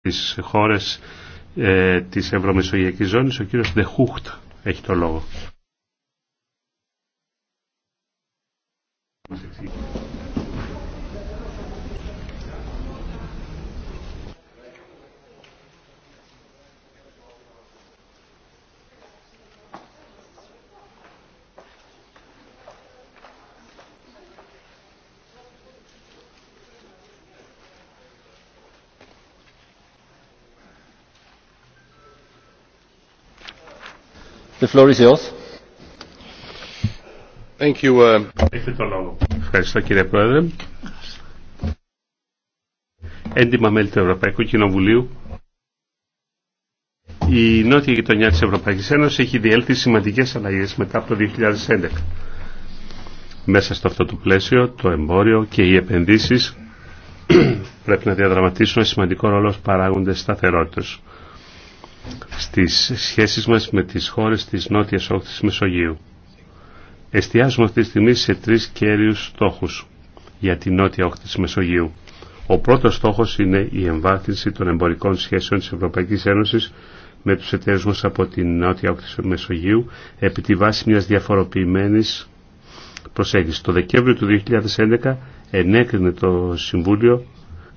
τις χώρες ε, της Ευρωμεσογειακής Ζώνης, ο κύριος Ντεχούχτ έχει το λόγο. Uh, Ευχαριστώ κύριε Πρόεδρε. Έντιμα μέλη του Ευρωπαϊκού Κοινοβουλίου. Η νότια γειτονιά της Ευρωπαϊκής Ένωσης έχει διέλθει σημαντικές αλλαγές μετά από το 2011. Μέσα στο αυτό το πλαίσιο, το εμπόριο και οι επενδύσεις πρέπει να διαδραματίσουν σημαντικό ρόλο ως παράγοντες σταθερότητας στις σχέσεις μας με τις χώρες της νότιας όχθης Μεσογείου. Εστιάζουμε αυτή τη στιγμή σε τρεις κέριους στόχους για την νότια όχθη της Μεσογείου. Ο πρώτος στόχος είναι η εμβάθυνση των εμπορικών σχέσεων της Ευρωπαϊκής Ένωσης με τους εταίρους μας από την νότια όχθη της Μεσογείου επί τη βάση μιας διαφοροποιημένης προσέγγισης. Το Δεκέμβριο του 2011 ενέκρινε το Συμβούλιο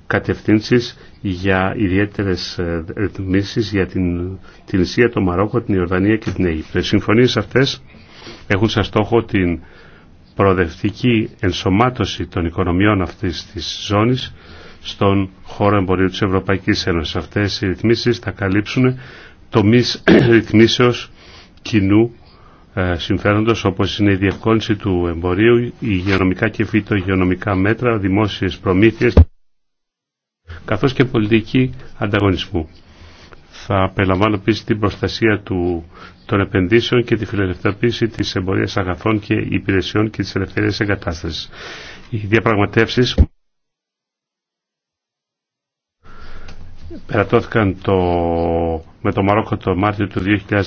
κατευθύνσεις για ιδιαίτερες ε, ρυθμίσεις για την, την Ισία, το Μαρόκο, την Ιορδανία και την Αίγυπτο. Οι συμφωνίες αυτές έχουν σαν στόχο την προοδευτική ενσωμάτωση των οικονομιών αυτής της ζώνης στον χώρο εμπορίου της Ευρωπαϊκής Ένωσης. Αυτές οι ρυθμίσεις θα καλύψουν τομεί ρυθμίσεως κοινού ε, συμφέροντος όπως είναι η διευκόλυνση του εμπορίου, η υγειονομικά και φυτο υγειονομικα μέτρα, δημόσιες προμήθειες καθώς και πολιτική ανταγωνισμού. Θα απελαμβάνω επίση την προστασία του, των επενδύσεων και τη φιλελευθερωποίηση της εμπορίας αγαθών και υπηρεσιών και της ελευθερίας εγκατάστασης. Οι διαπραγματεύσεις περατώθηκαν με το Μαρόκο το Μάρτιο του το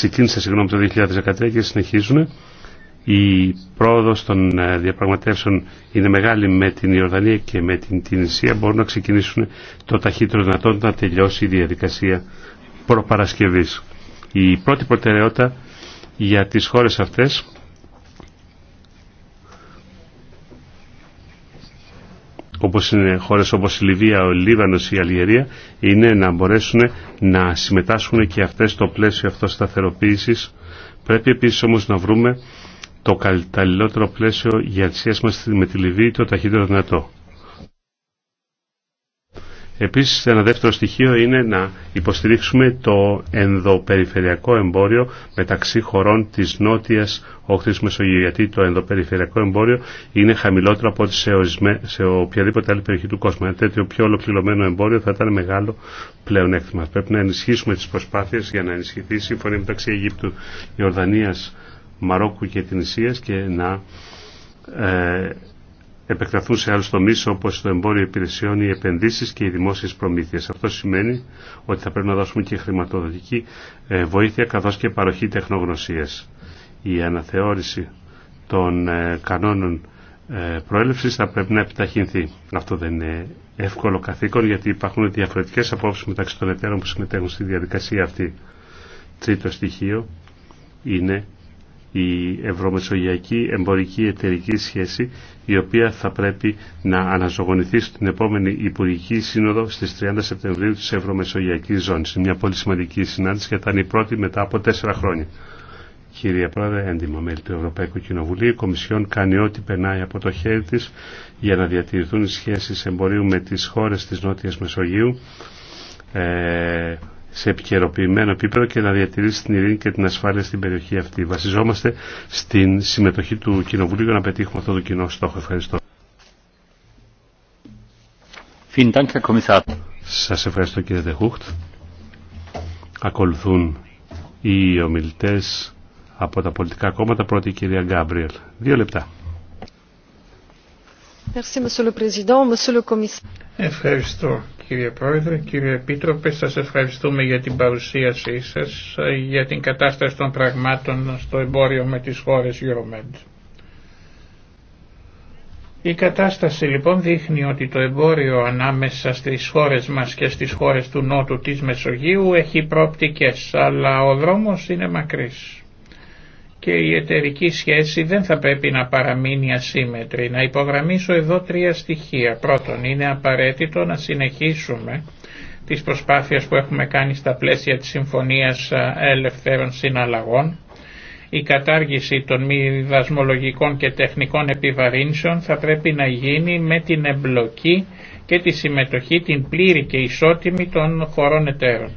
2013 και συνεχίζουν η πρόοδος των ε, διαπραγματεύσεων είναι μεγάλη με την Ιορδανία και με την Τινησία μπορούν να ξεκινήσουν το ταχύτερο δυνατόν να τελειώσει η διαδικασία προπαρασκευής. Η πρώτη προτεραιότητα για τις χώρες αυτές όπως είναι χώρες όπως η Λιβύα, ο Λίβανος, η Αλγερία είναι να μπορέσουν να συμμετάσχουν και αυτές στο πλαίσιο αυτοσταθεροποίησης. Πρέπει επίσης όμως να βρούμε το καλύτερο πλαίσιο για τη σχέση μας με τη Λιβύη το ταχύτερο δυνατό. Επίσης ένα δεύτερο στοιχείο είναι να υποστηρίξουμε το ενδοπεριφερειακό εμπόριο μεταξύ χωρών της νότιας όχθης Μεσογείου γιατί το ενδοπεριφερειακό εμπόριο είναι χαμηλότερο από ό,τι σε, σε οποιαδήποτε άλλη περιοχή του κόσμου. Ένα τέτοιο πιο ολοκληρωμένο εμπόριο θα ήταν μεγάλο πλέον πλεονέκτημα. Πρέπει να ενισχύσουμε τις προσπάθειες για να ενισχυθεί η συμφωνία μεταξύ Αιγύπτου, Ιορδανίας, Μαρόκου και την Ισίας και να ε, επεκταθούν σε άλλους τομείς όπως το εμπόριο υπηρεσιών, οι επενδύσεις και οι δημόσιες προμήθειες. Αυτό σημαίνει ότι θα πρέπει να δώσουμε και χρηματοδοτική ε, βοήθεια καθώς και παροχή τεχνογνωσίας. Η αναθεώρηση των ε, κανόνων ε, προέλευσης θα πρέπει να επιταχυνθεί. Αυτό δεν είναι εύκολο καθήκον γιατί υπάρχουν διαφορετικές απόψεις μεταξύ των εταίρων που συμμετέχουν στη διαδικασία αυτή. Τρίτο στοιχείο είναι η ευρωμεσογειακή εμπορική εταιρική σχέση η οποία θα πρέπει να αναζωογονηθεί στην επόμενη Υπουργική Σύνοδο στις 30 Σεπτεμβρίου της Ευρωμεσογειακής Ζώνης. μια πολύ σημαντική συνάντηση και θα είναι η πρώτη μετά από τέσσερα χρόνια. Κύριε Πρόεδρε, έντιμα μέλη του Ευρωπαϊκού Κοινοβουλίου, η Κομισιόν κάνει ό,τι περνάει από το χέρι τη για να διατηρηθούν οι σχέσεις εμπορίου με τις χώρες της Νότιας Μεσογείου, ε, σε επικαιροποιημένο επίπεδο και να διατηρήσει την ειρήνη και την ασφάλεια στην περιοχή αυτή. Βασιζόμαστε στην συμμετοχή του Κοινοβουλίου για να πετύχουμε αυτό το κοινό στόχο. Ευχαριστώ. Σας ευχαριστώ κύριε Δεχούχτ. Ακολουθούν οι ομιλητές από τα πολιτικά κόμματα. Πρώτη η κυρία Γκάμπριελ. Δύο λεπτά. Ευχαριστώ κύριε Πρόεδρε, κύριε Επίτροπε, σας ευχαριστούμε για την παρουσίασή σας, για την κατάσταση των πραγμάτων στο εμπόριο με τις χώρες Euromed. Η κατάσταση λοιπόν δείχνει ότι το εμπόριο ανάμεσα στις χώρες μας και στις χώρες του Νότου της Μεσογείου έχει πρόπτικες, αλλά ο δρόμος είναι μακρύς και η εταιρική σχέση δεν θα πρέπει να παραμείνει ασύμετρη. Να υπογραμμίσω εδώ τρία στοιχεία. Πρώτον, είναι απαραίτητο να συνεχίσουμε τις προσπάθειες που έχουμε κάνει στα πλαίσια της Συμφωνίας Ελευθέρων Συναλλαγών. Η κατάργηση των μη δασμολογικών και τεχνικών επιβαρύνσεων θα πρέπει να γίνει με την εμπλοκή και τη συμμετοχή την πλήρη και ισότιμη των χωρών εταίρων.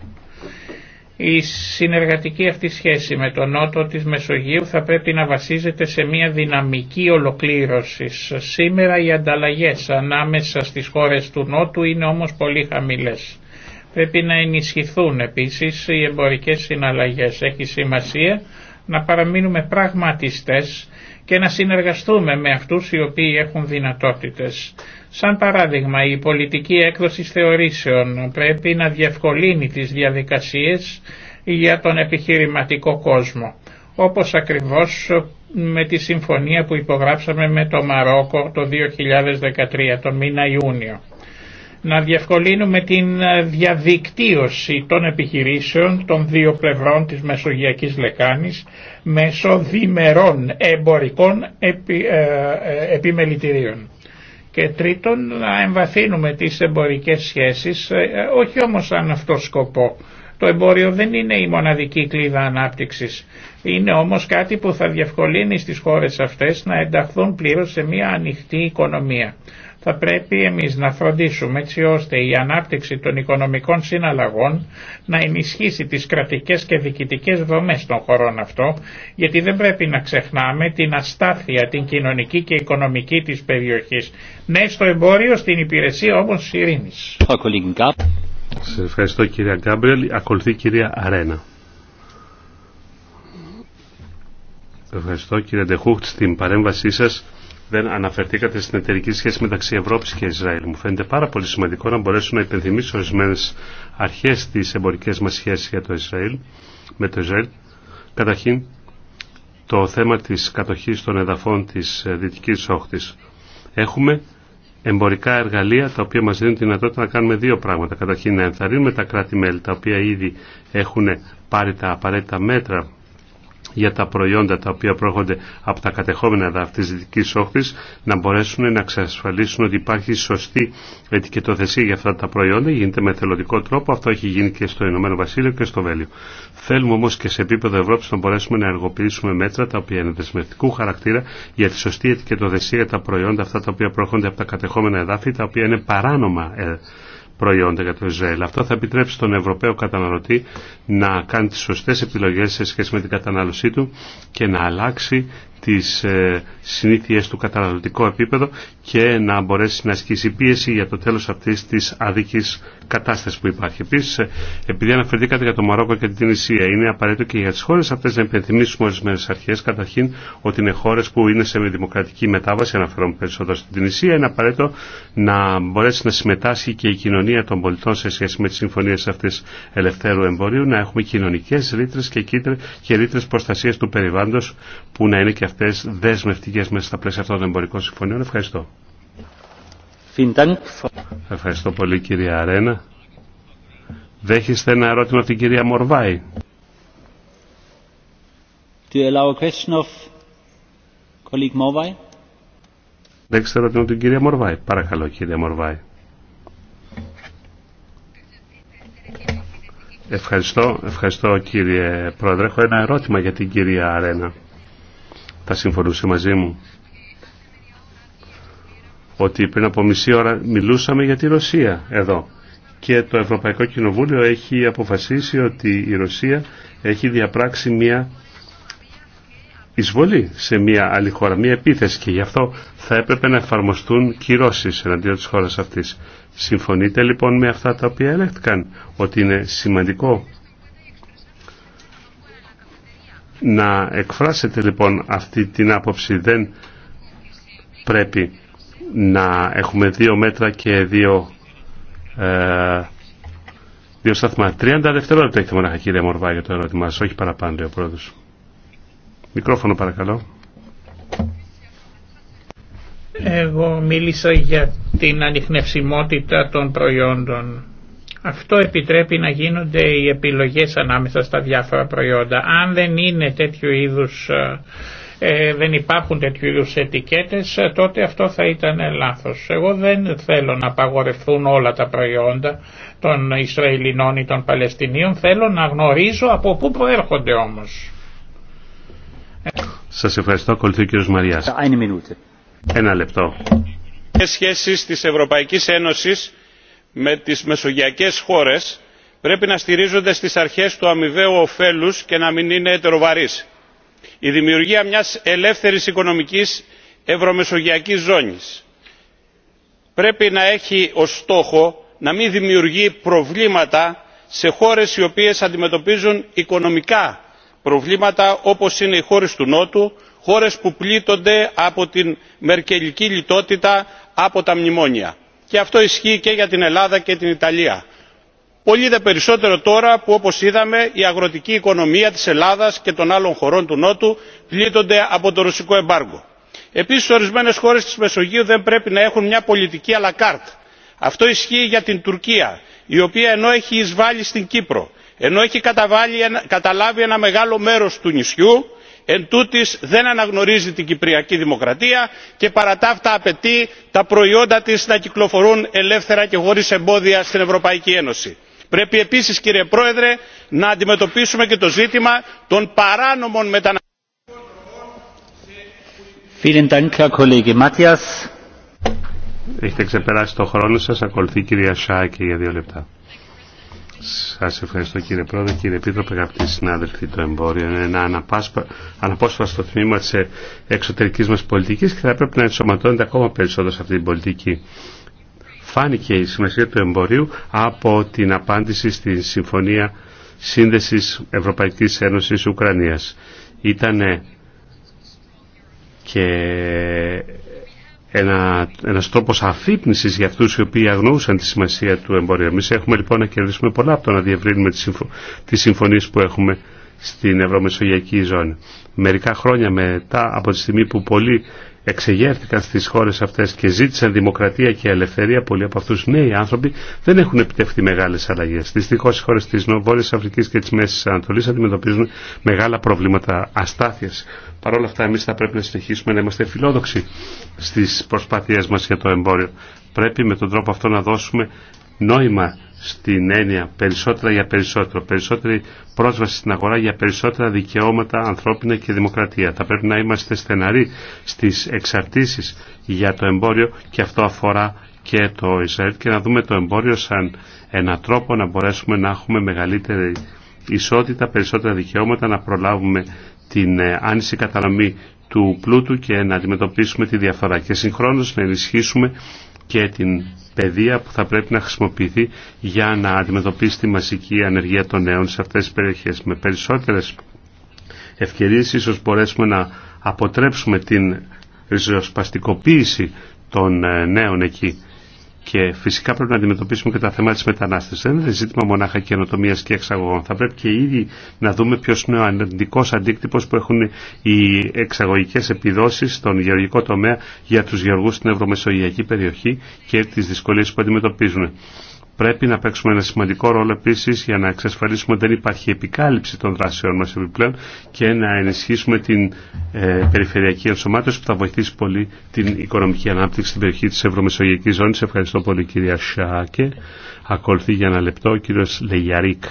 Η συνεργατική αυτή σχέση με τον νότο της Μεσογείου θα πρέπει να βασίζεται σε μια δυναμική ολοκλήρωση. Σήμερα οι ανταλλαγές ανάμεσα στις χώρες του νότου είναι όμως πολύ χαμηλές. Πρέπει να ενισχυθούν επίσης οι εμπορικές συναλλαγές. Έχει σημασία να παραμείνουμε πραγματιστές και να συνεργαστούμε με αυτούς οι οποίοι έχουν δυνατότητες. Σαν παράδειγμα η πολιτική έκδοση θεωρήσεων πρέπει να διευκολύνει τις διαδικασίες για τον επιχειρηματικό κόσμο όπως ακριβώς με τη συμφωνία που υπογράψαμε με το Μαρόκο το 2013, τον μήνα Ιούνιο να διευκολύνουμε την ε, διαδικτύωση των επιχειρήσεων των δύο πλευρών της Μεσογειακής Λεκάνης μέσω διμερών εμπορικών επι, ε, ε, επιμελητηρίων. Και τρίτον, να εμβαθύνουμε τις εμπορικές σχέσεις, όχι όμως σαν αυτό σκοπό. Το εμπόριο δεν είναι η μοναδική κλίδα ανάπτυξης. Είναι όμως κάτι που θα διευκολύνει στις χώρες αυτές να ενταχθούν πλήρως σε μια ανοιχτή οικονομία θα πρέπει εμείς να φροντίσουμε έτσι ώστε η ανάπτυξη των οικονομικών συναλλαγών να ενισχύσει τις κρατικές και διοικητικές δομές των χωρών αυτό, γιατί δεν πρέπει να ξεχνάμε την αστάθεια, την κοινωνική και οικονομική της περιοχής. Ναι στο εμπόριο, στην υπηρεσία όμως ειρήνης. Σε ευχαριστώ κυρία Γκάμπριελ. Ακολουθεί κυρία Αρένα. Ευχαριστώ κύριε Ντεχούχτ στην παρέμβασή σας δεν αναφερθήκατε στην εταιρική σχέση μεταξύ Ευρώπη και Ισραήλ. Μου φαίνεται πάρα πολύ σημαντικό να μπορέσω να υπενθυμίσω ορισμένε αρχέ τη εμπορική μα σχέση για το Ισραήλ, με το Ισραήλ. Καταρχήν, το θέμα τη κατοχή των εδαφών τη ε, δυτική όχθη. Έχουμε εμπορικά εργαλεία τα οποία μα δίνουν τη δυνατότητα να κάνουμε δύο πράγματα. Καταρχήν να ενθαρρύνουμε τα κράτη-μέλη τα οποία ήδη έχουν πάρει τα απαραίτητα μέτρα για τα προϊόντα τα οποία προέρχονται από τα κατεχόμενα εδάφη τη δυτική όχθη, να μπορέσουν να εξασφαλίσουν ότι υπάρχει σωστή ετικετοθεσία για αυτά τα προϊόντα. Γίνεται με θελοντικό τρόπο. Αυτό έχει γίνει και στο Ηνωμένο Βασίλειο και στο Βέλιο. Θέλουμε όμω και σε επίπεδο Ευρώπη να μπορέσουμε να εργοποιήσουμε μέτρα τα οποία είναι δεσμευτικού χαρακτήρα για τη σωστή ετικετοθεσία για τα προϊόντα αυτά τα οποία προέρχονται από τα κατεχόμενα εδάφη τα οποία είναι παράνομα ε, προϊόντα για το Ισραήλ. Αυτό θα επιτρέψει τον Ευρωπαίο καταναλωτή να κάνει τις σωστές επιλογές σε σχέση με την κατανάλωσή του και να αλλάξει τις ε, συνήθειες του καταναλωτικό επίπεδο και να μπορέσει να ασκήσει πίεση για το τέλος αυτής της αδίκης κατάστασης που υπάρχει. Επίσης, ε, επειδή αναφερθήκατε για το Μαρόκο και την Ισία, είναι απαραίτητο και για τις χώρες αυτές να υπενθυμίσουμε ορισμένες αρχές. Καταρχήν, ότι είναι χώρες που είναι σε δημοκρατική μετάβαση, αναφέρομαι περισσότερο στην Ισία, είναι απαραίτητο να μπορέσει να συμμετάσχει και η κοινωνία των πολιτών σε σχέση με τις συμφωνίες αυτής ελευθέρου εμπορίου, να έχουμε κοινωνικές ρήτρες και, και ρήτρες προστασίας του περιβάλλοντος που να είναι και μέσα στα πλαίσια αυτών των εμπορικών συμφωνιών. Ευχαριστώ. Ευχαριστώ πολύ κυρία Αρένα. Δέχεστε ένα ερώτημα από την κυρία Μορβάη. Δέχεστε ερώτημα από την κυρία Μορβάη. Παρακαλώ κυρία Μορβάη. Ευχαριστώ, ευχαριστώ κύριε Πρόεδρε. Έχω ένα ερώτημα για την κυρία Αρένα θα συμφωνούσε μαζί μου ότι πριν από μισή ώρα μιλούσαμε για τη Ρωσία εδώ και το Ευρωπαϊκό Κοινοβούλιο έχει αποφασίσει ότι η Ρωσία έχει διαπράξει μια εισβολή σε μια άλλη χώρα, μια επίθεση και γι' αυτό θα έπρεπε να εφαρμοστούν κυρώσεις εναντίον της χώρας αυτής. Συμφωνείτε λοιπόν με αυτά τα οποία έλεγχαν ότι είναι σημαντικό να εκφράσετε λοιπόν αυτή την άποψη. Δεν πρέπει να έχουμε δύο μέτρα και δύο, ε, δύο σταθμά. 30 δευτερόλεπτα έχετε μονάχα κύριε Μορβά για το ερώτημά σας, όχι παραπάνω λέει ο πρόεδρος. Μικρόφωνο παρακαλώ. Εγώ μίλησα για την ανιχνευσιμότητα των προϊόντων αυτό επιτρέπει να γίνονται οι επιλογές ανάμεσα στα διάφορα προϊόντα. Αν δεν είναι τέτοιου είδους, ε, ε, δεν υπάρχουν τέτοιου είδους ετικέτες, ε, τότε αυτό θα ήταν λάθος. Εγώ δεν θέλω να απαγορευτούν όλα τα προϊόντα των Ισραηλινών ή των Παλαιστινίων, θέλω να γνωρίζω από πού προέρχονται όμως. Σας ευχαριστώ. Ακολουθεί ο Μαριάς. Ένα λεπτό. Σχέσεις της Ευρωπαϊκής Ένωσης με τις μεσογειακές χώρες πρέπει να στηρίζονται στις αρχές του αμοιβαίου ωφέλους και να μην είναι ετεροβαρής. η δημιουργία μιας ελεύθερης οικονομικής ευρωμεσογειακής ζώνης πρέπει να έχει ως στόχο να μην δημιουργεί προβλήματα σε χώρες οι οποίες αντιμετωπίζουν οικονομικά προβλήματα όπως είναι οι χώρες του νότου χώρες που πλήττονται από την μερκελική λιτότητα από τα μνημόνια και αυτό ισχύει και για την ελλάδα και την ιταλία. πολύ δε περισσότερο τώρα που όπως είδαμε η αγροτική οικονομία της ελλάδας και των άλλων χωρών του νότου πλήττονται από το ρωσικό εμπάργκο. επίσης ορισμένες χώρες της μεσογείου δεν πρέπει να έχουν μια πολιτική la carte. αυτό ισχύει για την τουρκία η οποία ενώ έχει εισβάλει στην κύπρο ενώ έχει καταλάβει ένα μεγάλο μέρος του νησιού εν δεν αναγνωρίζει την κυπριακή δημοκρατία και παρά τα αυτά απαιτεί τα προϊόντα της να κυκλοφορούν ελεύθερα και χωρίς εμπόδια στην ευρωπαϊκή ένωση. πρέπει επίσης κύριε πρόεδρε να αντιμετωπίσουμε και το ζήτημα των παράνομων μεταναστευτικών σας ευχαριστώ κύριε Πρόεδρε, κύριε Επίτροπε, αγαπητοί συνάδελφοι. Το εμπόριο είναι ένα αναπόσπαστο τμήμα της ε- εξωτερικής μας πολιτικής και θα πρέπει να ενσωματώνεται ακόμα περισσότερο σε αυτή την πολιτική. Φάνηκε η σημασία του εμπορίου από την απάντηση στη Συμφωνία Σύνδεσης Ευρωπαϊκής Ένωσης Ουκρανίας. ήτανε και ένα, ένας τρόπος αφύπνισης για αυτούς οι οποίοι αγνοούσαν τη σημασία του εμπορίου. Εμείς έχουμε λοιπόν να κερδίσουμε πολλά από το να διευρύνουμε τις, συμφω... τις συμφωνίες που έχουμε στην Ευρωμεσογειακή ζώνη. Μερικά χρόνια μετά από τη στιγμή που πολλοί εξεγέρθηκαν στις χώρες αυτές και ζήτησαν δημοκρατία και ελευθερία, πολλοί από αυτούς νέοι άνθρωποι δεν έχουν επιτευχθεί μεγάλες αλλαγές. Δυστυχώς οι χώρες της Βόρειας Αφρικής και της Μέσης Ανατολής αντιμετωπίζουν μεγάλα προβλήματα αστάθειας. Παρόλα αυτά εμείς θα πρέπει να συνεχίσουμε να είμαστε φιλόδοξοι στις προσπάθειές μας για το εμπόριο. Πρέπει με τον τρόπο αυτό να δώσουμε νόημα στην έννοια περισσότερα για περισσότερο, περισσότερη πρόσβαση στην αγορά για περισσότερα δικαιώματα ανθρώπινα και δημοκρατία. Θα πρέπει να είμαστε στεναροί στις εξαρτήσεις για το εμπόριο και αυτό αφορά και το Ισραήλ και να δούμε το εμπόριο σαν ένα τρόπο να μπορέσουμε να έχουμε μεγαλύτερη ισότητα, περισσότερα δικαιώματα, να προλάβουμε την ε, άνηση κατανομή του πλούτου και να αντιμετωπίσουμε τη διαφορά και συγχρόνως να ενισχύσουμε και την παιδεία που θα πρέπει να χρησιμοποιηθεί για να αντιμετωπίσει τη μαζική ανεργία των νέων σε αυτές τις περιοχές. Με περισσότερες ευκαιρίες ίσως μπορέσουμε να αποτρέψουμε την ριζοσπαστικοποίηση των ε, νέων εκεί. Και φυσικά πρέπει να αντιμετωπίσουμε και τα θέματα τη μετανάστευση. Δεν είναι ζήτημα μονάχα καινοτομία και εξαγωγών. Θα πρέπει και ήδη να δούμε ποιο είναι ο αρνητικό αντίκτυπο που έχουν οι εξαγωγικέ επιδόσει στον γεωργικό τομέα για του γεωργού στην Ευρωμεσογειακή περιοχή και τι δυσκολίε που αντιμετωπίζουν. Πρέπει να παίξουμε ένα σημαντικό ρόλο επίση για να εξασφαλίσουμε ότι δεν υπάρχει επικάλυψη των δράσεών μα επιπλέον και να ενισχύσουμε την ε, περιφερειακή ενσωμάτωση που θα βοηθήσει πολύ την οικονομική ανάπτυξη στην περιοχή τη Ευρωμεσογειακή Ζώνη. Ευχαριστώ πολύ κυρία Σάκε. Ακολουθεί για ένα λεπτό ο κύριο Λεγιαρίκ.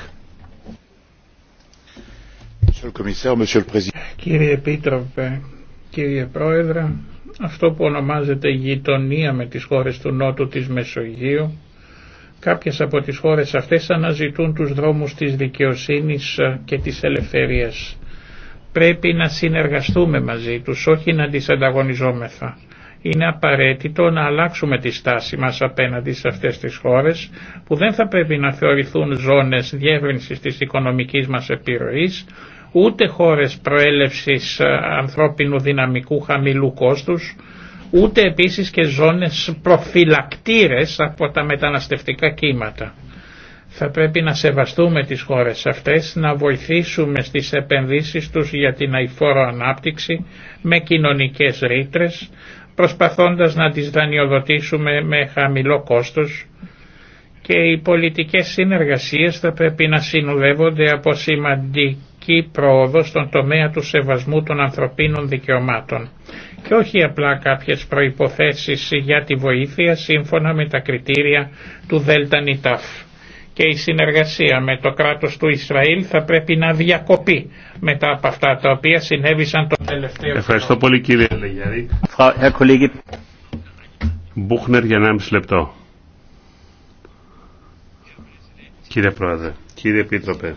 Κύριε Επίτροπε, κύριε Πρόεδρε, αυτό που ονομάζεται γειτονία με τις χώρες του Νότου της Μεσογείου Κάποιες από τις χώρες αυτές αναζητούν τους δρόμους της δικαιοσύνης ε, και της ελευθερίας. Πρέπει να συνεργαστούμε μαζί τους, όχι να τις ανταγωνιζόμεθα. Είναι απαραίτητο να αλλάξουμε τη στάση μας απέναντι σε αυτές τις χώρες που δεν θα πρέπει να θεωρηθούν ζώνες διεύρυνσης της οικονομικής μας επιρροής, ούτε χώρες προέλευσης ε, ανθρώπινου δυναμικού χαμηλού κόστους, ούτε επίσης και ζώνες προφυλακτήρες από τα μεταναστευτικά κύματα. Θα πρέπει να σεβαστούμε τις χώρες αυτές, να βοηθήσουμε στις επενδύσεις τους για την αηφόρο ανάπτυξη με κοινωνικές ρήτρες, προσπαθώντας να τις δανειοδοτήσουμε με χαμηλό κόστος και οι πολιτικές συνεργασίες θα πρέπει να συνοδεύονται από σημαντική Πρόοδος πρόοδο στον τομέα του σεβασμού των ανθρωπίνων δικαιωμάτων και όχι απλά κάποιες προϋποθέσεις για τη βοήθεια σύμφωνα με τα κριτήρια του Δέλτα Νιτάφ. Και η συνεργασία με το κράτος του Ισραήλ θα πρέπει να διακοπεί μετά από αυτά τα οποία συνέβησαν το τελευταίο. Ευχαριστώ πολύ κύριε Λεγιαρή. Ε, Μπούχνερ για 1,5 λεπτό. Κύριε Πρόεδρε, κύριε Επίτροπε,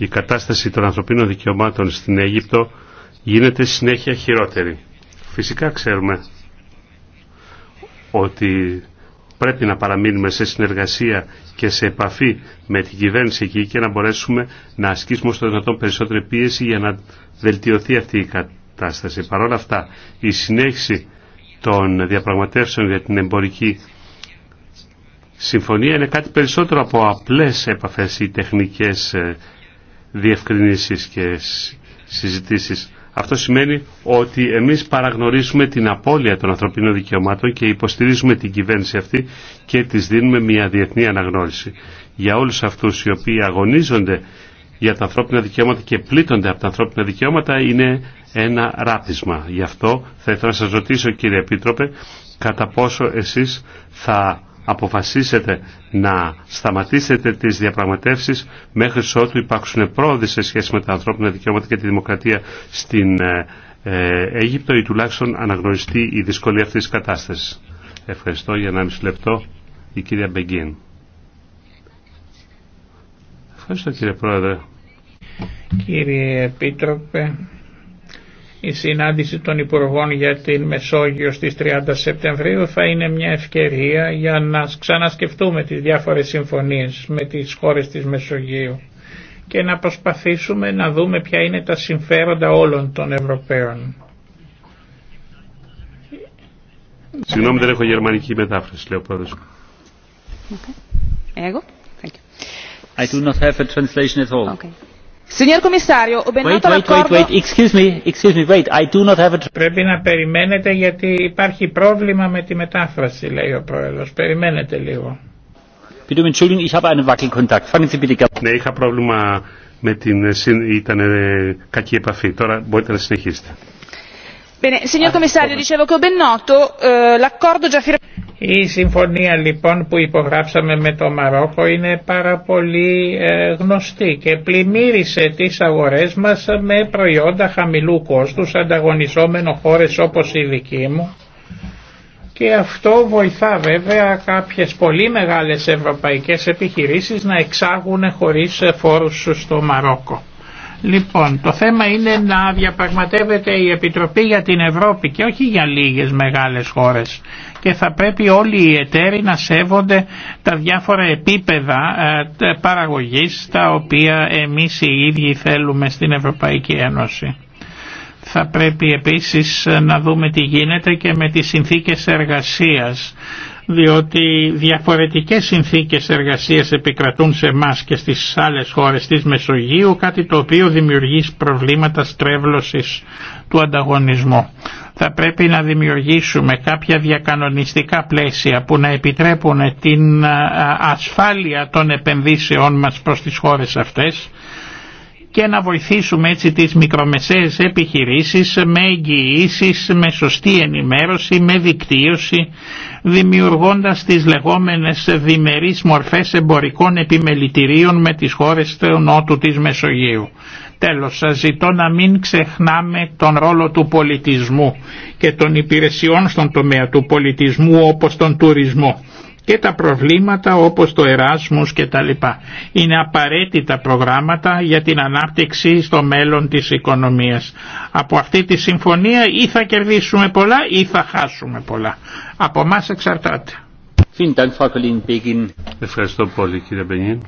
η κατάσταση των ανθρωπίνων δικαιωμάτων στην Αίγυπτο γίνεται συνέχεια χειρότερη. Φυσικά ξέρουμε ότι πρέπει να παραμείνουμε σε συνεργασία και σε επαφή με την κυβέρνηση εκεί και να μπορέσουμε να ασκήσουμε στο δυνατόν περισσότερη πίεση για να βελτιωθεί αυτή η κατάσταση. Παρ' όλα αυτά, η συνέχιση των διαπραγματεύσεων για την εμπορική συμφωνία είναι κάτι περισσότερο από απλές επαφές ή τεχνικές ε, διευκρινήσεις και συζητήσεις. Αυτό σημαίνει ότι εμείς παραγνωρίζουμε την απώλεια των ανθρωπίνων δικαιωμάτων και υποστηρίζουμε την κυβέρνηση αυτή και της δίνουμε μια διεθνή αναγνώριση. Για όλους αυτούς οι οποίοι αγωνίζονται για τα ανθρώπινα δικαιώματα και πλήττονται από τα ανθρώπινα δικαιώματα είναι ένα ράπισμα. Γι' αυτό θα ήθελα να σας ρωτήσω κύριε Επίτροπε κατά πόσο εσείς θα αποφασίσετε να σταματήσετε τις διαπραγματεύσεις μέχρι ότου υπάρξουν πρόοδοι σε σχέση με τα ανθρώπινα δικαιώματα και τη δημοκρατία στην ε, ε, Αίγυπτο ή τουλάχιστον αναγνωριστεί η δυσκολία αυτής της κατάστασης. Ευχαριστώ για ένα μισή λεπτό η κυρία Μπεγκίν. Ευχαριστώ κύριε Πρόεδρε. Κύριε Επίτροπε, η συνάντηση των Υπουργών για την Μεσόγειο στις 30 Σεπτεμβρίου θα είναι μια ευκαιρία για να ξανασκεφτούμε τις διάφορες συμφωνίες με τις χώρες της Μεσογείου και να προσπαθήσουμε να δούμε ποια είναι τα συμφέροντα όλων των Ευρωπαίων. Συγγνώμη, δεν έχω γερμανική μετάφραση, λέω Εγώ. Signor Commissario, ho ben noto wait, Excuse me, excuse me, wait, I do not have a... Πρέπει να περιμένετε γιατί υπάρχει πρόβλημα με τη μετάφραση, λέει ο Πρόεδρος. Περιμένετε λίγο. Bitte um entschuldigen, ich habe einen Wackelkontakt. Fangen Sie bitte Ναι, είχα πρόβλημα με την... ήταν ε, κακή επαφή. Τώρα μπορείτε να συνεχίσετε. Η συμφωνία λοιπόν που υπογράψαμε με το Μαρόκο είναι πάρα πολύ ε, γνωστή και πλημμύρισε τις αγορές μας με προϊόντα χαμηλού κόστους ανταγωνιζόμενο χώρες όπως η δική μου και αυτό βοηθά βέβαια κάποιες πολύ μεγάλες ευρωπαϊκές επιχειρήσεις να εξάγουν χωρίς φόρους στο Μαρόκο. Λοιπόν, το θέμα είναι να διαπραγματεύεται η Επιτροπή για την Ευρώπη και όχι για λίγες μεγάλες χώρες και θα πρέπει όλοι οι εταίροι να σέβονται τα διάφορα επίπεδα ε, παραγωγής τα οποία εμείς οι ίδιοι θέλουμε στην Ευρωπαϊκή Ένωση. Θα πρέπει επίσης να δούμε τι γίνεται και με τις συνθήκες εργασίας διότι διαφορετικές συνθήκες εργασίας επικρατούν σε εμά και στις άλλες χώρες της Μεσογείου, κάτι το οποίο δημιουργεί προβλήματα στρέβλωσης του ανταγωνισμού. Θα πρέπει να δημιουργήσουμε κάποια διακανονιστικά πλαίσια που να επιτρέπουν την ασφάλεια των επενδύσεών μας προς τις χώρες αυτές, και να βοηθήσουμε έτσι τις μικρομεσαίες επιχειρήσεις με εγγυήσει, με σωστή ενημέρωση, με δικτύωση, δημιουργώντας τις λεγόμενες διμερείς μορφές εμπορικών επιμελητηρίων με τις χώρες του νότου της Μεσογείου. Τέλος, σας ζητώ να μην ξεχνάμε τον ρόλο του πολιτισμού και των υπηρεσιών στον τομέα του πολιτισμού όπως τον τουρισμό και τα προβλήματα όπως το Εράσμους και τα λοιπά. Είναι απαραίτητα προγράμματα για την ανάπτυξη στο μέλλον της οικονομίας. Από αυτή τη συμφωνία ή θα κερδίσουμε πολλά ή θα χάσουμε πολλά. Από εμά εξαρτάται. Ευχαριστώ πολύ κύριε Μπενιέν.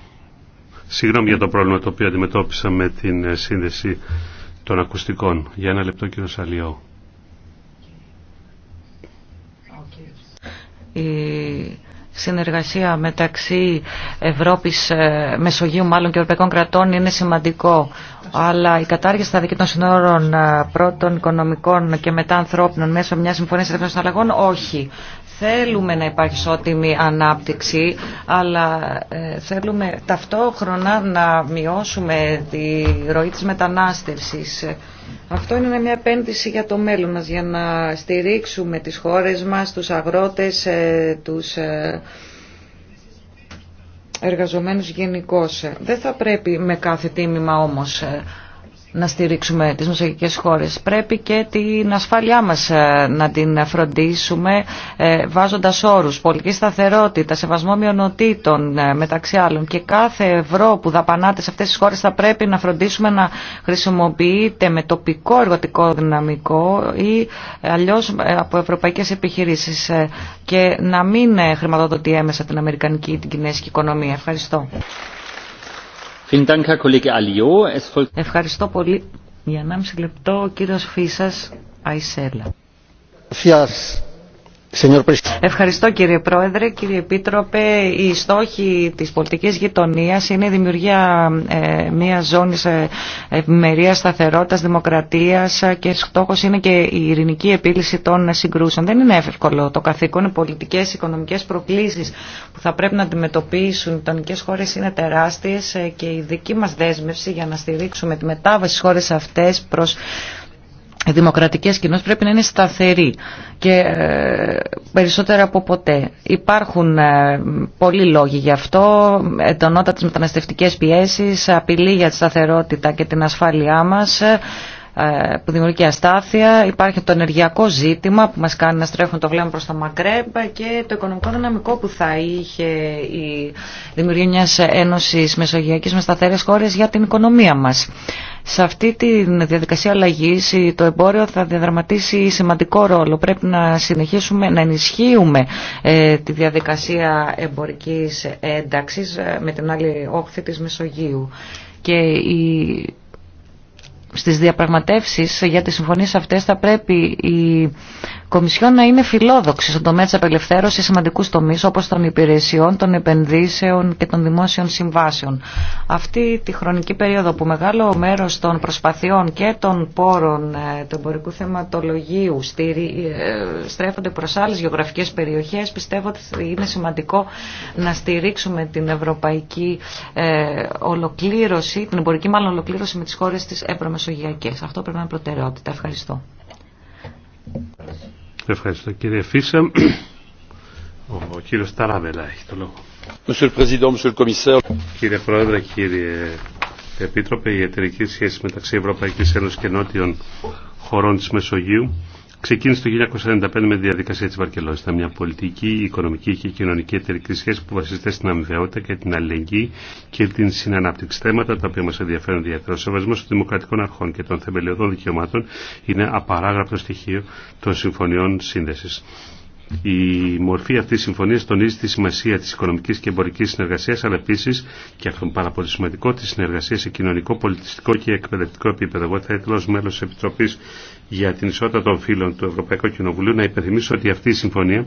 Συγγνώμη για το πρόβλημα το οποίο αντιμετώπισα με την ε, σύνδεση των ακουστικών. Για ένα λεπτό κύριο Σαλιό συνεργασία μεταξύ Ευρώπης, ε, Μεσογείου μάλλον και Ευρωπαϊκών κρατών είναι σημαντικό. Αλλά η κατάργηση στα δική των συνόρων ε, πρώτων οικονομικών και μετά ανθρώπινων μέσω μιας συμφωνίας ελεύθερων συναλλαγών, όχι. Θέλουμε να υπάρχει ισότιμη ανάπτυξη, αλλά ε, θέλουμε ταυτόχρονα να μειώσουμε τη ροή της μετανάστευσης. Αυτό είναι μια επένδυση για το μέλλον μας, για να στηρίξουμε τις χώρες μας, τους αγρότες, ε, τους ε, εργαζομένους γενικώ. Δεν θα πρέπει με κάθε τίμημα όμως να στηρίξουμε τις νοσογικέ χώρες. Πρέπει και την ασφάλειά μας ε, να την φροντίσουμε ε, βάζοντας όρους, πολιτική σταθερότητα, σεβασμό μειονοτήτων ε, μεταξύ άλλων και κάθε ευρώ που δαπανάται σε αυτές τις χώρες θα πρέπει να φροντίσουμε να χρησιμοποιείται με τοπικό εργοτικό δυναμικό ή αλλιώς από ευρωπαϊκές επιχειρήσεις και να μην χρηματοδοτεί έμεσα την αμερικανική ή την κινέζικη οικονομία. Ευχαριστώ. Ευχαριστώ πολύ. Για 1,5 λεπτό ο κύριος Φίσας Αϊσέλα. Ευχαριστώ. Ευχαριστώ κύριε Πρόεδρε, κύριε Επίτροπε. Οι στόχοι της πολιτικής γειτονίας είναι η δημιουργία ε, μιας ζώνης ευημερίας, σταθερότητας, δημοκρατίας και στόχος είναι και η ειρηνική επίλυση των συγκρούσεων. Δεν είναι εύκολο το καθήκον, οι πολιτικές, οικονομικές προκλήσεις που θα πρέπει να αντιμετωπίσουν οι γειτονικές χώρες είναι τεράστιες ε, και η δική μας δέσμευση για να στηρίξουμε τη μετάβαση στις χώρες αυτές προς οι δημοκρατικές κοινότητες πρέπει να είναι σταθεροί και ε, περισσότερο από ποτέ. Υπάρχουν ε, πολλοί λόγοι γι' αυτό, εντονότατες μεταναστευτικές πιέσεις, απειλή για τη σταθερότητα και την ασφάλειά μας, ε, που δημιουργεί αστάθεια, υπάρχει το ενεργειακό ζήτημα που μας κάνει να στρέφουμε το βλέμμα προς τα Μακρέμπ και το οικονομικό δυναμικό που θα είχε η δημιουργία μιας ένωσης μεσογειακής με σταθερές χώρες για την οικονομία μας. Σε αυτή τη διαδικασία αλλαγή το εμπόριο θα διαδραματίσει σημαντικό ρόλο. Πρέπει να συνεχίσουμε να ενισχύουμε ε, τη διαδικασία εμπορικής ένταξης ε, με την άλλη όχθη της Μεσογείου. Και η στις διαπραγματεύσεις για τις συμφωνίες αυτές θα πρέπει οι Κομισιόν να είναι φιλόδοξη στον τομέα τη απελευθέρωση σημαντικού τομεί όπω των υπηρεσιών, των επενδύσεων και των δημόσιων συμβάσεων. Αυτή τη χρονική περίοδο που μεγάλο μέρο των προσπαθειών και των πόρων ε, του εμπορικού θεματολογίου ε, στρέφονται προ άλλε γεωγραφικέ περιοχέ, πιστεύω ότι είναι σημαντικό να στηρίξουμε την ευρωπαϊκή ε, ολοκλήρωση, την εμπορική μάλλον ολοκλήρωση με τι χώρε τη Ευρωμεσογειακέ. Αυτό πρέπει να είναι προτεραιότητα. Ευχαριστώ. Ευχαριστώ κύριε Φίσα. Ο κύριος Ταράβελα έχει το λόγο. Κύριε Πρόεδρε, κύριε Επίτροπε, η εταιρική σχέση μεταξύ Ευρωπαϊκής Ένωσης και Νότιων χωρών της Μεσογείου ξεκίνησε το 1995 με τη διαδικασία τη Βαρκελόνη. Ήταν μια πολιτική, οικονομική και κοινωνική εταιρική σχέση που βασίζεται στην αμοιβαιότητα και την αλληλεγγύη και την συνανάπτυξη. Θέματα τα οποία μα ενδιαφέρουν ιδιαίτερα. Ο σεβασμό των δημοκρατικών αρχών και των θεμελιωδών δικαιωμάτων είναι απαράγραπτο στοιχείο των συμφωνιών σύνδεση. Η μορφή αυτή τη συμφωνία τονίζει τη σημασία τη οικονομική και εμπορική συνεργασία, αλλά επίση, και αυτό είναι πάρα πολύ σημαντικό, τη συνεργασία σε κοινωνικό, πολιτιστικό και εκπαιδευτικό επίπεδο. Εγώ θα ήθελα μέλο τη Επιτροπή για την ισότητα των φύλων του Ευρωπαϊκού Κοινοβουλίου να υπενθυμίσω ότι αυτή η συμφωνία,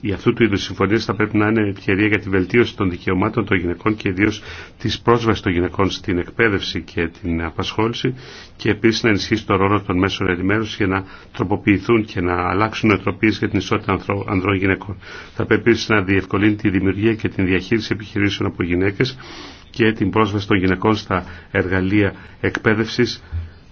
η αυτού του είδου συμφωνία θα πρέπει να είναι ευκαιρία για τη βελτίωση των δικαιωμάτων των γυναικών και ιδίω τη πρόσβαση των γυναικών στην εκπαίδευση και την απασχόληση και επίση να ενισχύσει τον ρόλο των μέσων ενημέρωση για να τροποποιηθούν και να αλλάξουν νοοτροπίε για την ισότητα ανδρών γυναικών. Θα πρέπει επίση να διευκολύνει τη δημιουργία και την διαχείριση επιχειρήσεων από γυναίκε και την πρόσβαση των γυναικών στα εργαλεία εκπαίδευση.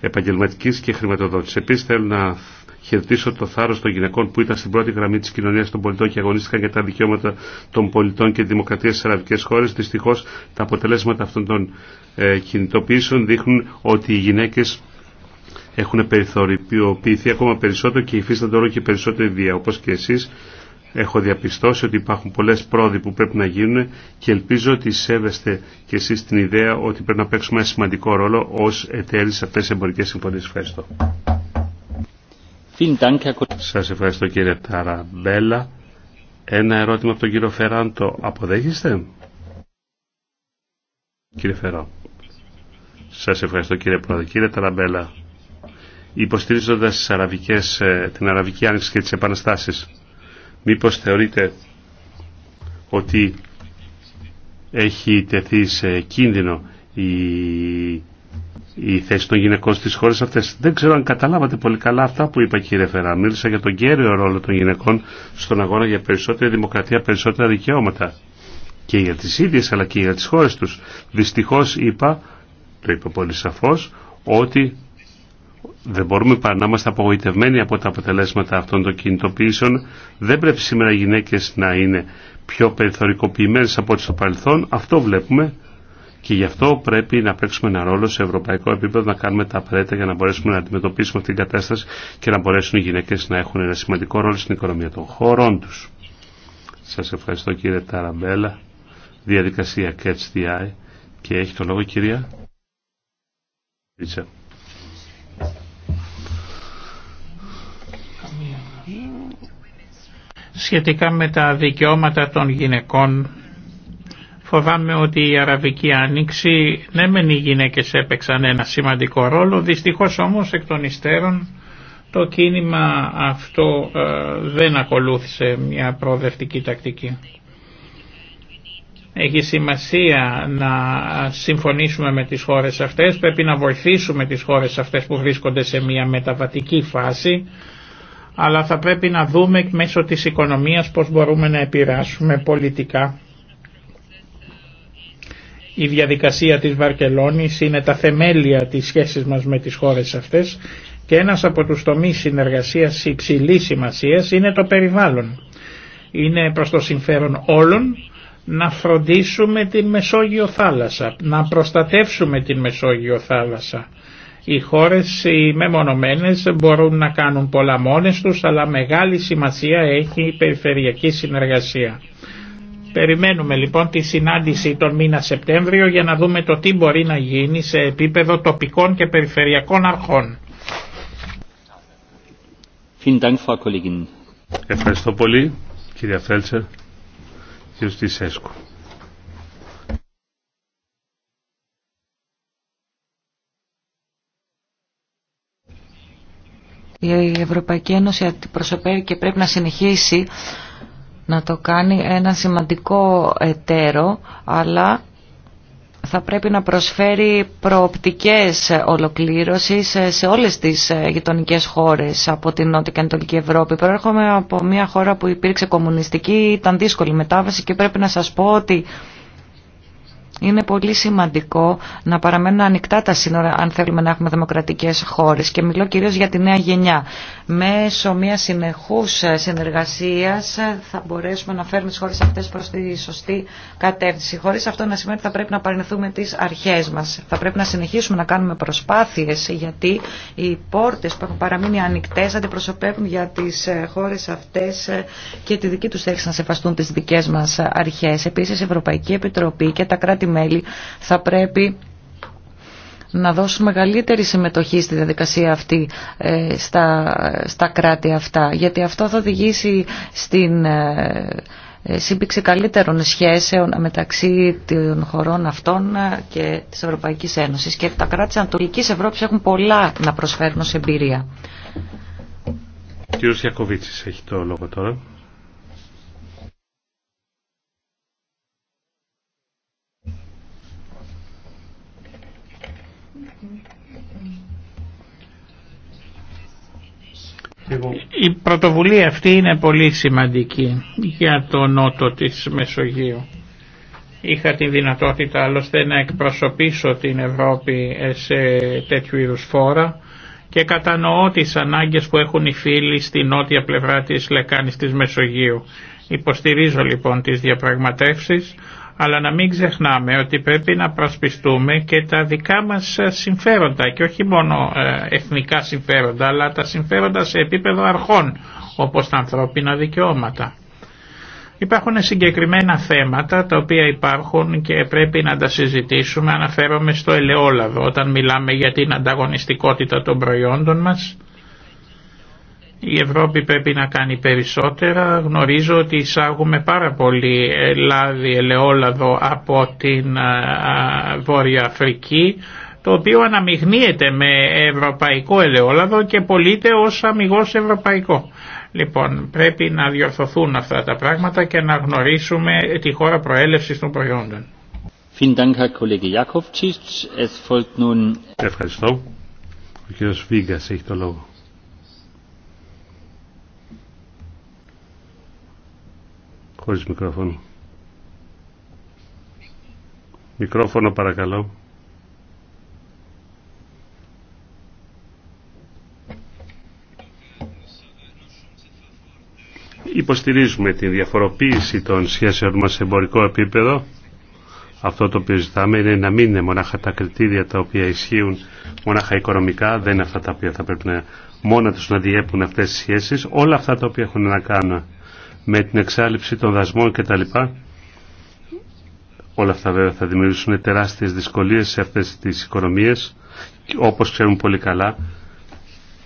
Επαγγελματική και χρηματοδότηση. Επίσης θέλω να χαιρετήσω το θάρρο των γυναικών που ήταν στην πρώτη γραμμή της κοινωνίας των πολιτών και αγωνίστηκαν για τα δικαιώματα των πολιτών και τη δημοκρατία στι Αραβικέ χώρε, δυστυχώ τα αποτελέσματα αυτών των ε, κινητοποιήσεων δείχνουν ότι οι γυναίκες έχουν περιθωριοποιηθεί ακόμα περισσότερο και υφίστανται όλο και περισσότερη βία. όπω και εσεί έχω διαπιστώσει ότι υπάρχουν πολλές πρόοδοι που πρέπει να γίνουν και ελπίζω ότι σέβεστε και εσείς την ιδέα ότι πρέπει να παίξουμε ένα σημαντικό ρόλο ως εταίροι σε αυτές τις εμπορικές συμφωνίες. Ευχαριστώ. Σας ευχαριστώ κύριε Ταραμπέλα. Ένα ερώτημα από τον κύριο Φεράν, το αποδέχεστε. Κύριε Φερό. Σας ευχαριστώ κύριε Πρόεδρε. Κύριε Ταραμπέλα, υποστηρίζοντας ε, την Αραβική Άνοιξη και τι επαναστάσεις, Μήπως θεωρείτε ότι έχει τεθεί σε κίνδυνο η, η θέση των γυναικών στις χώρες αυτές. Δεν ξέρω αν καταλάβατε πολύ καλά αυτά που είπα κύριε Φερά. Μίλησα για τον κέριο ρόλο των γυναικών στον αγώνα για περισσότερη δημοκρατία, περισσότερα δικαιώματα. Και για τις ίδιες αλλά και για τις χώρες τους. Δυστυχώς είπα, το είπα πολύ σαφώς, ότι δεν μπορούμε παρά να είμαστε απογοητευμένοι από τα αποτελέσματα αυτών των κινητοποιήσεων. Δεν πρέπει σήμερα οι γυναίκε να είναι πιο περιθωρικοποιημένε από ό,τι στο παρελθόν. Αυτό βλέπουμε και γι' αυτό πρέπει να παίξουμε ένα ρόλο σε ευρωπαϊκό επίπεδο, να κάνουμε τα απαραίτητα για να μπορέσουμε να αντιμετωπίσουμε αυτή την κατάσταση και να μπορέσουν οι γυναίκε να έχουν ένα σημαντικό ρόλο στην οικονομία των χωρών του. Σα ευχαριστώ κύριε Ταραμπέλα. Διαδικασία Catch the Eye και έχει το λόγο κυρία. σχετικά με τα δικαιώματα των γυναικών φοβάμαι ότι η Αραβική Άνοιξη ναι μεν οι γυναίκες έπαιξαν ένα σημαντικό ρόλο δυστυχώς όμως εκ των υστέρων το κίνημα αυτό ε, δεν ακολούθησε μια προοδευτική τακτική. Έχει σημασία να συμφωνήσουμε με τις χώρες αυτές, πρέπει να βοηθήσουμε τις χώρες αυτές που βρίσκονται σε μια μεταβατική φάση αλλά θα πρέπει να δούμε μέσω της οικονομίας πώς μπορούμε να επηρεάσουμε πολιτικά. Η διαδικασία της Βαρκελόνης είναι τα θεμέλια της σχέσης μας με τις χώρες αυτές και ένας από τους τομείς συνεργασίας υψηλής σημασίας είναι το περιβάλλον. Είναι προς το συμφέρον όλων να φροντίσουμε την Μεσόγειο θάλασσα, να προστατεύσουμε την Μεσόγειο θάλασσα οι χώρες οι μεμονωμένες μπορούν να κάνουν πολλά μόνες τους, αλλά μεγάλη σημασία έχει η περιφερειακή συνεργασία. Περιμένουμε λοιπόν τη συνάντηση τον μήνα Σεπτέμβριο για να δούμε το τι μπορεί να γίνει σε επίπεδο τοπικών και περιφερειακών αρχών. Ευχαριστώ πολύ κυρία Φέλτσερ και Στισέσκου. Η Ευρωπαϊκή Ένωση αντιπροσωπεύει και πρέπει να συνεχίσει να το κάνει ένα σημαντικό εταίρο, αλλά θα πρέπει να προσφέρει προοπτικές ολοκλήρωσης σε όλες τις γειτονικές χώρες από την Νότια και Ανατολική Ευρώπη. Προέρχομαι από μια χώρα που υπήρξε κομμουνιστική, ήταν δύσκολη μετάβαση και πρέπει να σας πω ότι είναι πολύ σημαντικό να παραμένουν ανοιχτά τα σύνορα αν θέλουμε να έχουμε δημοκρατικές χώρες και μιλώ κυρίως για τη νέα γενιά. Μέσω μια συνεχούς συνεργασίας θα μπορέσουμε να φέρουμε τις χώρες αυτές προς τη σωστή κατεύθυνση. Χωρίς αυτό να σημαίνει ότι θα πρέπει να παρενθούμε τις αρχές μας. Θα πρέπει να συνεχίσουμε να κάνουμε προσπάθειες γιατί οι πόρτες που έχουν παραμείνει ανοιχτές αντιπροσωπεύουν για τις χώρες αυτές και τη δική τους θέση να σεβαστούν τις δικές μας αρχές. Επίσης η Ευρωπαϊκή Επιτροπή και τα κράτη θα πρέπει να δώσουν μεγαλύτερη συμμετοχή στη διαδικασία αυτή ε, στα, στα κράτη αυτά. Γιατί αυτό θα οδηγήσει στην ε, ε, σύμπηξη καλύτερων σχέσεων μεταξύ των χωρών αυτών και της Ευρωπαϊκής Ένωσης. Και τα κράτη της Ανατολικής Ευρώπης έχουν πολλά να προσφέρουν σε εμπειρία. Κύριος Γιακοβίτσης έχει το λόγο τώρα. Η πρωτοβουλία αυτή είναι πολύ σημαντική για το νότο της Μεσογείου. Είχα τη δυνατότητα άλλωστε να εκπροσωπήσω την Ευρώπη ε, σε τέτοιου είδους φόρα και κατανοώ τις ανάγκες που έχουν οι φίλοι στη νότια πλευρά της λεκάνης της Μεσογείου. Υποστηρίζω λοιπόν τις διαπραγματεύσεις αλλά να μην ξεχνάμε ότι πρέπει να προσπιστούμε και τα δικά μας συμφέροντα και όχι μόνο ε, εθνικά συμφέροντα αλλά τα συμφέροντα σε επίπεδο αρχών όπως τα ανθρώπινα δικαιώματα. Υπάρχουν συγκεκριμένα θέματα τα οποία υπάρχουν και πρέπει να τα συζητήσουμε αναφέρομαι στο ελαιόλαδο όταν μιλάμε για την ανταγωνιστικότητα των προϊόντων μας η Ευρώπη πρέπει να κάνει περισσότερα. Γνωρίζω ότι εισάγουμε πάρα πολύ ε, λάδι, ελαιόλαδο από την ε, ε, Βόρεια Αφρική το οποίο αναμειγνύεται με ευρωπαϊκό ελαιόλαδο και πωλείται ως αμυγός ευρωπαϊκό. Λοιπόν, πρέπει να διορθωθούν αυτά τα πράγματα και να γνωρίσουμε τη χώρα προέλευσης των προϊόντων. Ευχαριστώ. Ο κ. Βίγκας έχει το λόγο. Χωρίς μικρόφωνο. Μικρόφωνο παρακαλώ. Υποστηρίζουμε τη διαφοροποίηση των σχέσεων μας σε εμπορικό επίπεδο. Αυτό το οποίο ζητάμε είναι να μην είναι μονάχα τα κριτήρια τα οποία ισχύουν μονάχα οικονομικά, δεν είναι αυτά τα οποία θα πρέπει να μόνα τους να διέπουν αυτές τις σχέσεις. Όλα αυτά τα οποία έχουν να κάνουν με την εξάλληψη των δασμών κτλ. Όλα αυτά βέβαια θα δημιουργήσουν τεράστιες δυσκολίες σε αυτές τις οικονομίες. Όπως ξέρουμε πολύ καλά,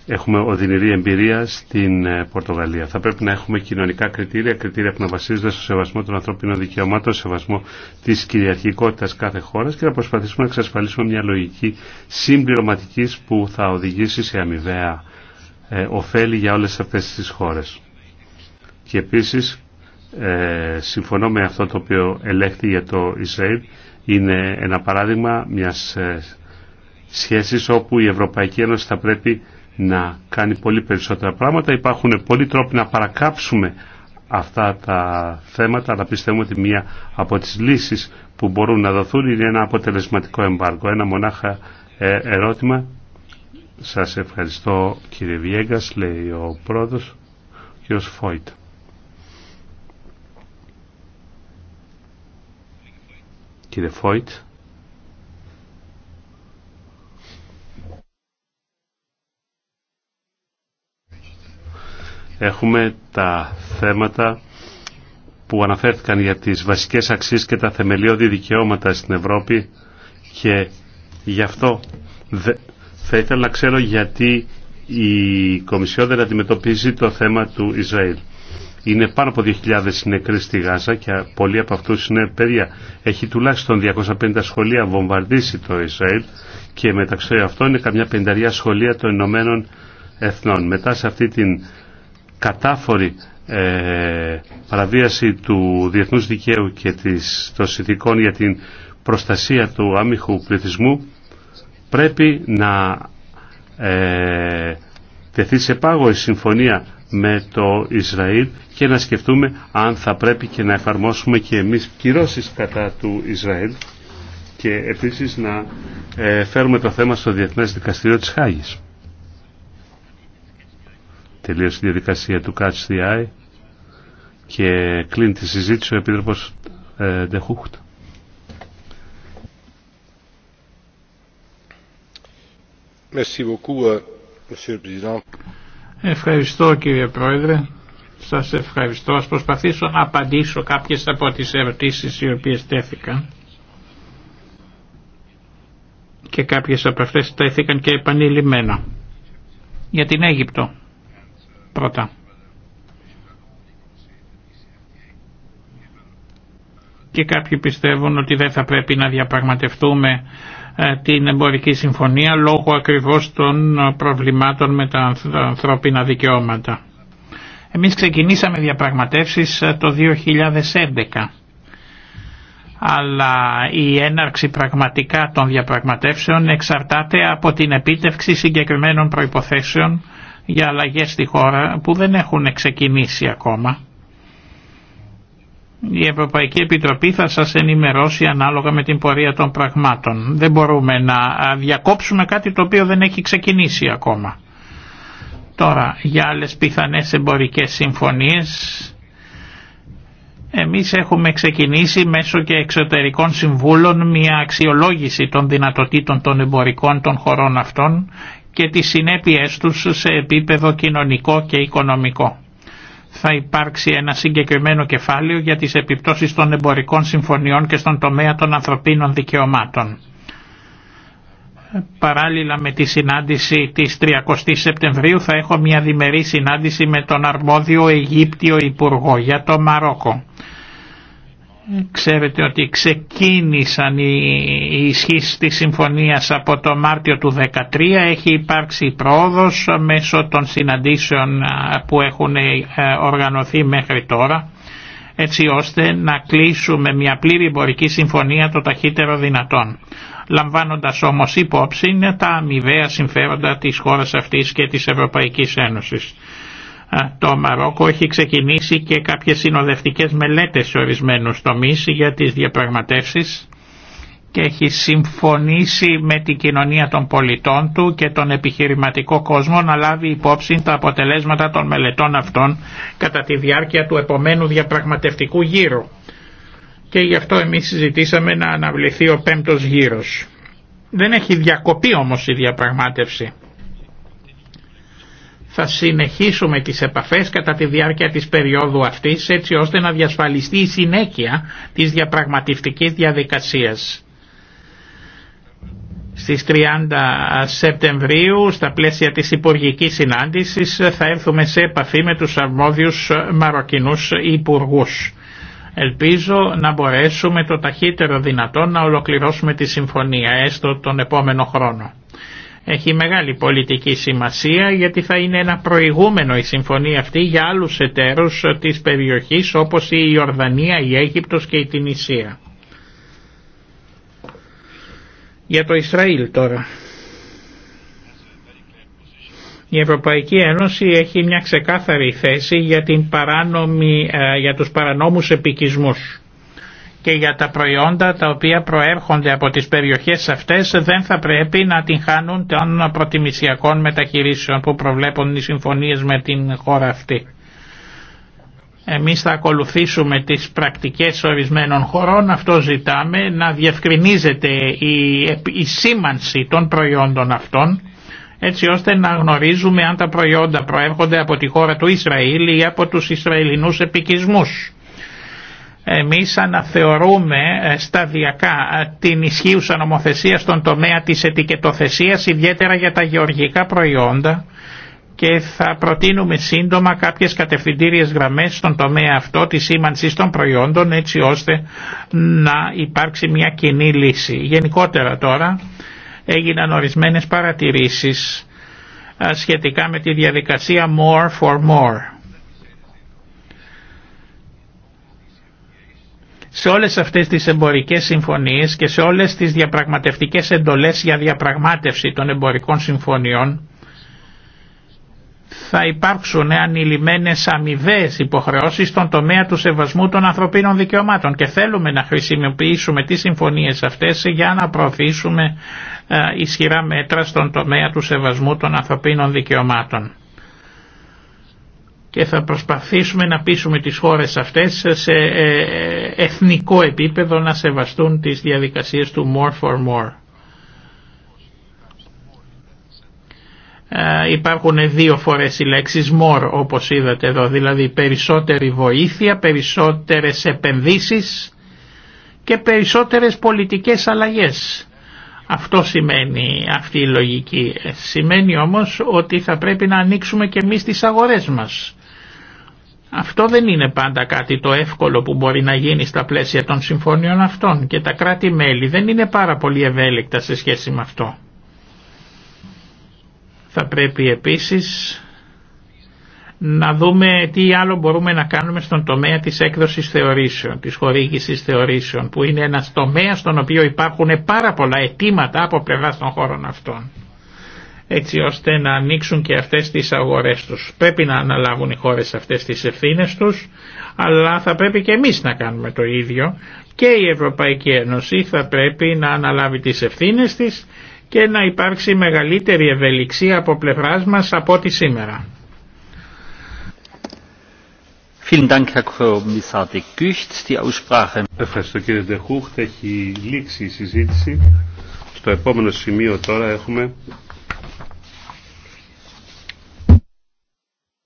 έχουμε οδυνηρή εμπειρία στην ε, Πορτογαλία. Θα πρέπει να έχουμε κοινωνικά κριτήρια, κριτήρια που να βασίζονται στο σεβασμό των ανθρωπίνων δικαιωμάτων, στο σεβασμό τη κυριαρχικότητα κάθε χώρας και να προσπαθήσουμε να εξασφαλίσουμε μια λογική συμπληρωματική που θα οδηγήσει σε αμοιβαία ε, ωφέλη για όλε αυτέ τι χώρες. Και επίσης ε, συμφωνώ με αυτό το οποίο ελέγχθη για το Ισραήλ. Είναι ένα παράδειγμα μιας ε, σχέσης όπου η Ευρωπαϊκή Ένωση θα πρέπει να κάνει πολύ περισσότερα πράγματα. Υπάρχουν πολλοί τρόποι να παρακάψουμε αυτά τα θέματα, αλλά πιστεύουμε ότι μία από τις λύσεις που μπορούν να δοθούν είναι ένα αποτελεσματικό εμπάργκο. Ένα μονάχα ε, ερώτημα. Σας ευχαριστώ κύριε Βιέγκας, λέει ο πρόεδρος, κύριος Φόιτ. Κύριε Φόιτ. Έχουμε τα θέματα που αναφέρθηκαν για τις βασικές αξίες και τα θεμελιώδη δικαιώματα στην Ευρώπη και γι' αυτό θα ήθελα να ξέρω γιατί η Κομισιόν δεν αντιμετωπίζει το θέμα του Ισραήλ. Είναι πάνω από 2.000 νεκροί στη Γάζα και πολλοί από αυτούς είναι παιδιά. Έχει τουλάχιστον 250 σχολεία βομβαρδίσει το Ισραήλ και μεταξύ αυτών είναι καμιά πενταριά σχολεία των Ηνωμένων Εθνών. Μετά σε αυτή την κατάφορη ε, παραβίαση του διεθνούς δικαίου και της, των συνθηκών για την προστασία του άμυχου πληθυσμού πρέπει να ε, τεθεί σε πάγο η συμφωνία με το Ισραήλ και να σκεφτούμε αν θα πρέπει και να εφαρμόσουμε και εμείς κυρώσεις κατά του Ισραήλ και επίσης να ε, φέρουμε το θέμα στο Διεθνές Δικαστήριο της Χάγης. Τελείωσε η διαδικασία του Catch the και κλείνει τη συζήτηση ο Επίτροπος Ντεχούχτ. Merci beaucoup, euh, Monsieur Ευχαριστώ κύριε Πρόεδρε. Σας ευχαριστώ. Ας προσπαθήσω να απαντήσω κάποιες από τις ερωτήσεις οι οποίες τέθηκαν και κάποιες από αυτές τέθηκαν και επανειλημμένα. Για την Αίγυπτο πρώτα. και κάποιοι πιστεύουν ότι δεν θα πρέπει να διαπραγματευτούμε ε, την εμπορική συμφωνία λόγω ακριβώς των προβλημάτων με τα ανθρώπινα δικαιώματα. Εμείς ξεκινήσαμε διαπραγματεύσεις ε, το 2011 αλλά η έναρξη πραγματικά των διαπραγματεύσεων εξαρτάται από την επίτευξη συγκεκριμένων προϋποθέσεων για αλλαγές στη χώρα που δεν έχουν ξεκινήσει ακόμα η Ευρωπαϊκή Επιτροπή θα σας ενημερώσει ανάλογα με την πορεία των πραγμάτων. Δεν μπορούμε να διακόψουμε κάτι το οποίο δεν έχει ξεκινήσει ακόμα. Τώρα, για άλλες πιθανές εμπορικές συμφωνίες, εμείς έχουμε ξεκινήσει μέσω και εξωτερικών συμβούλων μια αξιολόγηση των δυνατοτήτων των εμπορικών των χωρών αυτών και τις συνέπειές τους σε επίπεδο κοινωνικό και οικονομικό θα υπάρξει ένα συγκεκριμένο κεφάλαιο για τις επιπτώσεις των εμπορικών συμφωνιών και στον τομέα των ανθρωπίνων δικαιωμάτων. Παράλληλα με τη συνάντηση της 30 Σεπτεμβρίου θα έχω μια διμερή συνάντηση με τον αρμόδιο Αιγύπτιο Υπουργό για το Μαρόκο. Ξέρετε ότι ξεκίνησαν οι, οι της συμφωνίας από το Μάρτιο του 2013. Έχει υπάρξει πρόοδος μέσω των συναντήσεων που έχουν ε, οργανωθεί μέχρι τώρα έτσι ώστε να κλείσουμε μια πλήρη εμπορική συμφωνία το ταχύτερο δυνατόν. Λαμβάνοντας όμως υπόψη τα αμοιβαία συμφέροντα της χώρας αυτής και της Ευρωπαϊκής Ένωσης το Μαρόκο έχει ξεκινήσει και κάποιες συνοδευτικές μελέτες σε ορισμένους τομείς για τις διαπραγματεύσεις και έχει συμφωνήσει με την κοινωνία των πολιτών του και τον επιχειρηματικό κόσμο να λάβει υπόψη τα αποτελέσματα των μελετών αυτών κατά τη διάρκεια του επομένου διαπραγματευτικού γύρου. Και γι' αυτό εμείς συζητήσαμε να αναβληθεί ο πέμπτος γύρος. Δεν έχει διακοπεί όμως η διαπραγμάτευση θα συνεχίσουμε τις επαφές κατά τη διάρκεια της περίοδου αυτής έτσι ώστε να διασφαλιστεί η συνέχεια της διαπραγματευτικής διαδικασίας. Στις 30 Σεπτεμβρίου στα πλαίσια της υπουργικής συνάντησης θα έρθουμε σε επαφή με τους αρμόδιους μαροκινούς υπουργούς. Ελπίζω να μπορέσουμε το ταχύτερο δυνατόν να ολοκληρώσουμε τη συμφωνία έστω τον επόμενο χρόνο έχει μεγάλη πολιτική σημασία γιατί θα είναι ένα προηγούμενο η συμφωνία αυτή για άλλους εταίρους της περιοχής όπως η Ιορδανία, η Αίγυπτος και η Τινησία. Για το Ισραήλ τώρα. Η Ευρωπαϊκή Ένωση έχει μια ξεκάθαρη θέση για, την παράνομη, ε, για τους παρανόμους επικισμούς και για τα προϊόντα τα οποία προέρχονται από τις περιοχές αυτές δεν θα πρέπει να την χάνουν των προτιμησιακών μεταχειρήσεων που προβλέπουν οι συμφωνίες με την χώρα αυτή. Εμείς θα ακολουθήσουμε τις πρακτικές ορισμένων χωρών, αυτό ζητάμε, να διευκρινίζεται η, η σήμανση των προϊόντων αυτών έτσι ώστε να γνωρίζουμε αν τα προϊόντα προέρχονται από τη χώρα του Ισραήλ ή από τους Ισραηλινούς επικισμούς εμείς αναθεωρούμε ε, σταδιακά ε, την ισχύουσα νομοθεσία στον τομέα της ετικετοθεσίας ιδιαίτερα για τα γεωργικά προϊόντα και θα προτείνουμε σύντομα κάποιες κατευθυντήριες γραμμές στον τομέα αυτό της σήμανσης των προϊόντων έτσι ώστε να υπάρξει μια κοινή λύση. Γενικότερα τώρα έγιναν ορισμένες παρατηρήσεις ε, σχετικά με τη διαδικασία more for more σε όλες αυτές τις εμπορικές συμφωνίες και σε όλες τις διαπραγματευτικές εντολές για διαπραγμάτευση των εμπορικών συμφωνιών θα υπάρξουν ανηλυμένες αμοιβέ υποχρεώσεις στον τομέα του σεβασμού των ανθρωπίνων δικαιωμάτων και θέλουμε να χρησιμοποιήσουμε τις συμφωνίες αυτές για να προωθήσουμε ε, ισχυρά μέτρα στον τομέα του σεβασμού των ανθρωπίνων δικαιωμάτων και θα προσπαθήσουμε να πείσουμε τις χώρες αυτές σε ε, εθνικό επίπεδο να σεβαστούν τις διαδικασίες του more for more. Ε, υπάρχουν δύο φορές οι λέξεις more όπως είδατε εδώ, δηλαδή περισσότερη βοήθεια, περισσότερες επενδύσεις και περισσότερες πολιτικές αλλαγές. Αυτό σημαίνει αυτή η λογική. Ε, σημαίνει όμως ότι θα πρέπει να ανοίξουμε και εμείς τις αγορές μας. Αυτό δεν είναι πάντα κάτι το εύκολο που μπορεί να γίνει στα πλαίσια των συμφωνιών αυτών και τα κράτη-μέλη δεν είναι πάρα πολύ ευέλικτα σε σχέση με αυτό. Θα πρέπει επίσης να δούμε τι άλλο μπορούμε να κάνουμε στον τομέα της έκδοσης θεωρήσεων, της χορήγησης θεωρήσεων, που είναι ένας τομέας στον οποίο υπάρχουν πάρα πολλά αιτήματα από πλευρά των χώρων αυτών έτσι ώστε να ανοίξουν και αυτές τις αγορές τους. Πρέπει να αναλάβουν οι χώρες αυτές τις ευθύνε τους, αλλά θα πρέπει και εμείς να κάνουμε το ίδιο και η Ευρωπαϊκή Ένωση θα πρέπει να αναλάβει τις ευθύνε της και να υπάρξει μεγαλύτερη ευελιξία από πλευράς μας από ό,τι σήμερα. Ευχαριστώ κύριε Ντεχούχτ. Έχει λήξει η συζήτηση. Στο επόμενο σημείο τώρα έχουμε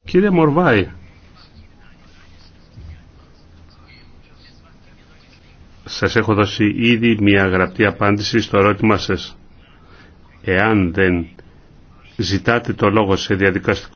Κύριε Μορβάη, σας έχω δώσει ήδη μια γραπτή απάντηση στο ερώτημά σας. Εάν δεν ζητάτε το λόγο σε διαδικαστικό